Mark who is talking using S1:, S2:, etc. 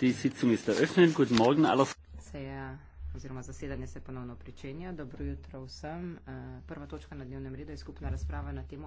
S1: Die Sitzung ist eröffnet. Guten Morgen, alles.
S2: oziroma zasedanje se ponovno pričenja. Dobro jutro vsem. Eh, prva točka na dnevnem redu je skupna razprava na temo